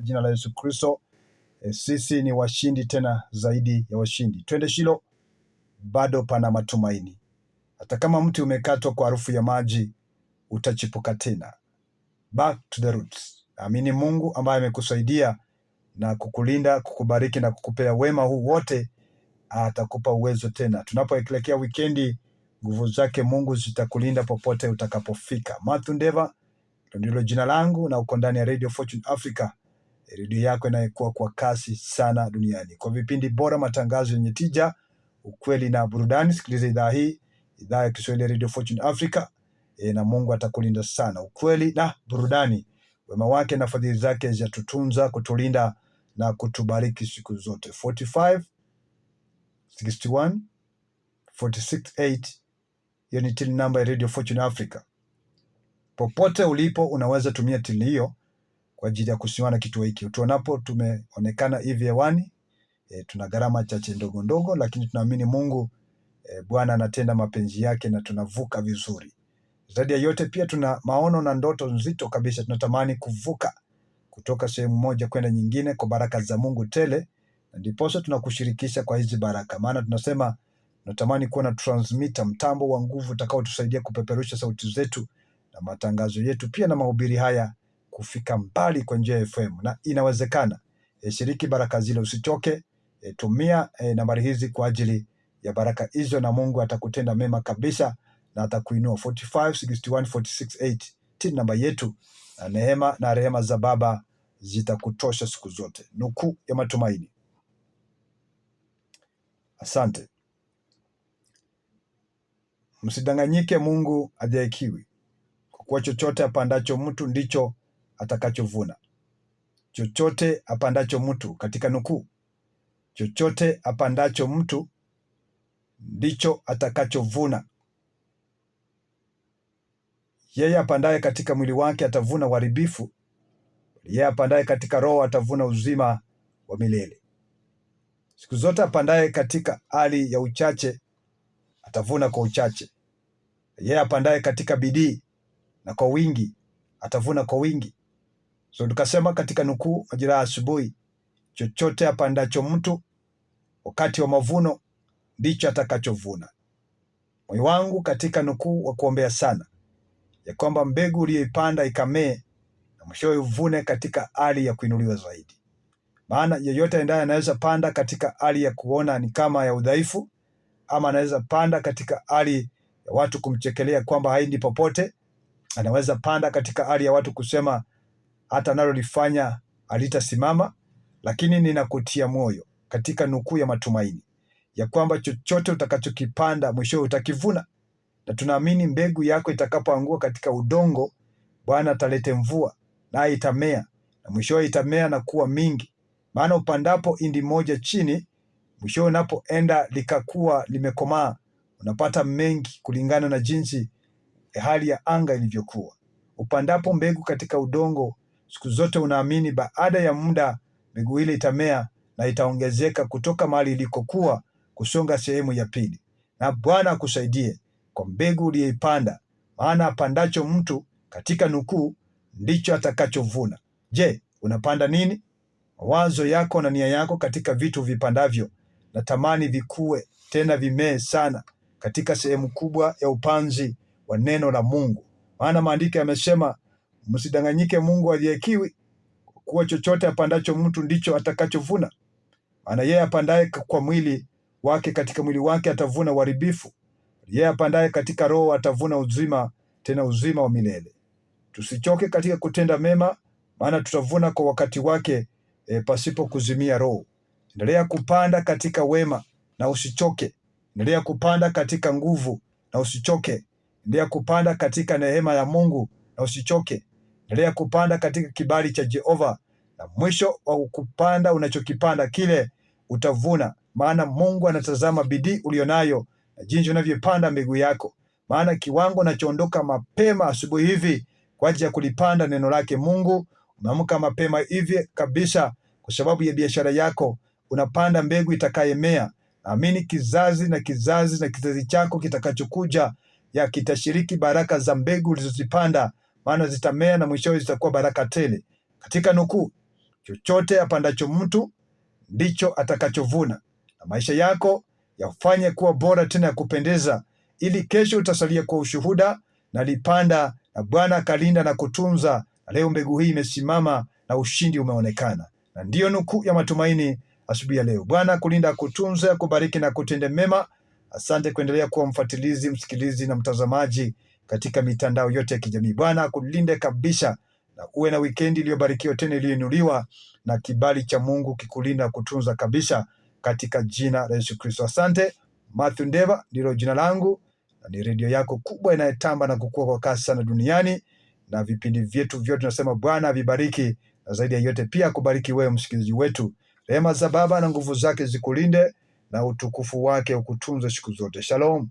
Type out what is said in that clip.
katika jina la Yesu Kristo. E, sisi ni washindi tena zaidi ya washindi. Twende Shilo, bado pana matumaini. Hata kama mti umekatwa kwa harufu ya maji, utachipuka tena. Back to the roots. Amini Mungu ambaye amekusaidia na kukulinda, kukubariki na kukupea wema huu wote, atakupa uwezo tena. Tunapoelekea wikendi, nguvu zake Mungu zitakulinda popote utakapofika. Mathew Ndeva ndilo jina langu na uko ndani ya Radio Fortune Africa redio yako inayokuwa kwa kasi sana duniani. Kwa vipindi bora, matangazo yenye tija, ukweli na burudani, sikiliza idhaa hii, idhaa ya Kiswahili ya Radio Fortune Africa. E, na Mungu atakulinda sana. Ukweli na burudani, wema wake na fadhili zake zitatutunza, kutulinda na kutubariki siku zote. 45 61 468 hiyo ni till namba ya Radio Fortune Africa. Popote ulipo, unaweza tumia till hiyo 0745 kwa ajili ya kusimama na kituo hiki. Tuonapo tumeonekana hivi hewani e, tuna gharama chache ndogo ndogo, lakini tunaamini Mungu e, Bwana anatenda mapenzi yake na tunavuka vizuri. Zaidi ya yote, pia tuna maono na ndoto nzito kabisa. Tunatamani kuvuka kutoka sehemu moja kwenda nyingine kwa baraka za Mungu tele, na ndiposa tunakushirikisha kwa hizi baraka, maana tunasema tunatamani kuwa na transmitter, mtambo wa nguvu utakaotusaidia kupeperusha sauti zetu na matangazo yetu pia na mahubiri haya kufika mbali kwa njia ya FM na inawezekana. E, shiriki baraka zile, usichoke. E, tumia e, nambari hizi kwa ajili ya baraka hizo, na Mungu atakutenda mema kabisa na atakuinua. 4561468 tin namba yetu, na neema na rehema za Baba zitakutosha siku zote. Nukuu ya matumaini. Asante. Msidanganyike, Mungu adhihakiwi, kwa kuwa chochote apandacho mtu ndicho atakachovuna. Chochote apandacho mtu, katika nukuu, chochote apandacho mtu ndicho atakachovuna. Yeye apandaye katika mwili wake atavuna uharibifu, yeye apandaye katika roho atavuna uzima wa milele. Siku zote apandaye katika hali ya uchache atavuna kwa uchache, yeye apandaye katika bidii na kwa wingi atavuna kwa wingi. So tukasema katika nukuu, majira ya asubuhi, chochote apandacho mtu wakati wa mavuno ndicho atakachovuna. Moyo wangu katika nukuu wa kuombea sana ya kwamba mbegu uliyoipanda ikamee na mwishowe uvune katika hali ya kuinuliwa zaidi. Maana yeyote aendaye anaweza panda katika hali ya kuona ni kama ya udhaifu, ama anaweza panda katika hali ya watu kumchekelea kwamba haendi popote. Anaweza panda katika hali ya watu kusema hata analolifanya halitasimama, lakini ninakutia moyo katika nukuu ya matumaini ya kwamba chochote utakachokipanda mwishowe utakivuna, na tunaamini mbegu yako itakapoangua katika udongo, Bwana atalete mvua, naye itamea, na mwishowe itamea na kuwa mingi. Maana upandapo indi moja chini, mwishowe unapoenda likakuwa limekomaa, unapata mengi kulingana na jinsi hali ya anga ilivyokuwa. Upandapo mbegu katika udongo siku zote unaamini baada ya muda miguu ile itamea na itaongezeka kutoka mahali ilikokuwa kusonga sehemu ya pili. Na Bwana akusaidie kwa mbegu uliyoipanda, maana apandacho mtu katika nukuu ndicho atakachovuna. Je, unapanda nini? Mawazo yako na nia yako katika vitu vipandavyo, na tamani vikue tena vimee sana katika sehemu kubwa ya upanzi wa neno la Mungu, maana maandiko yamesema Msidanganyike, Mungu aliyekiwi kuwa chochote apandacho mtu ndicho atakachovuna. Maana yeye apandaye kwa mwili wake katika mwili wake atavuna uharibifu, yeye apandaye katika Roho atavuna uzima, tena uzima wa milele. Tusichoke katika kutenda mema, maana tutavuna kwa wakati wake, e, pasipo kuzimia roho. Endelea kupanda katika wema na usichoke. Endelea kupanda katika nguvu na usichoke. Endelea kupanda katika neema ya Mungu na usichoke. Endelea kupanda katika kibali cha Jehova, na mwisho wa kupanda unachokipanda kile utavuna, maana Mungu anatazama bidii ulionayo na jinsi unavyopanda mbegu yako. Maana kiwango unachoondoka mapema asubuhi hivi kwa ajili ya kulipanda neno lake Mungu, umeamka mapema hivi kabisa kwa sababu ya biashara yako, unapanda mbegu itakayemea. Naamini kizazi na kizazi na kizazi chako kitakachokuja ya kitashiriki baraka za mbegu ulizozipanda maana zitamea na mwishowe zitakuwa baraka tele. Katika nukuu, chochote apandacho mtu ndicho atakachovuna, na maisha yako yafanye kuwa bora tena ya kupendeza, ili kesho utasalia kwa ushuhuda, nalipanda na Bwana akalinda na kutunza, na leo mbegu hii imesimama na ushindi umeonekana. Na ndiyo nukuu ya matumaini asubuhi ya leo. Bwana kulinda, kutunza, kubariki na kutende mema. Asante kuendelea kuwa mfuatilizi, msikilizi na mtazamaji katika mitandao yote ya kijamii. Bwana akulinde kabisa na uwe na wikendi iliyobarikiwa tena iliyoinuliwa na kibali cha Mungu kikulinda kutunza kabisa katika jina la Yesu Kristo. Asante. Mathew Ndeva ndilo jina langu na ni redio yako kubwa inayotamba na kukua kwa kasi sana duniani, na vipindi vyetu vyote tunasema Bwana avibariki, na zaidi ya yote pia akubariki wewe msikilizaji wetu. Rehema za Baba na nguvu zake zikulinde na utukufu wake ukutunze siku zote. Shalom.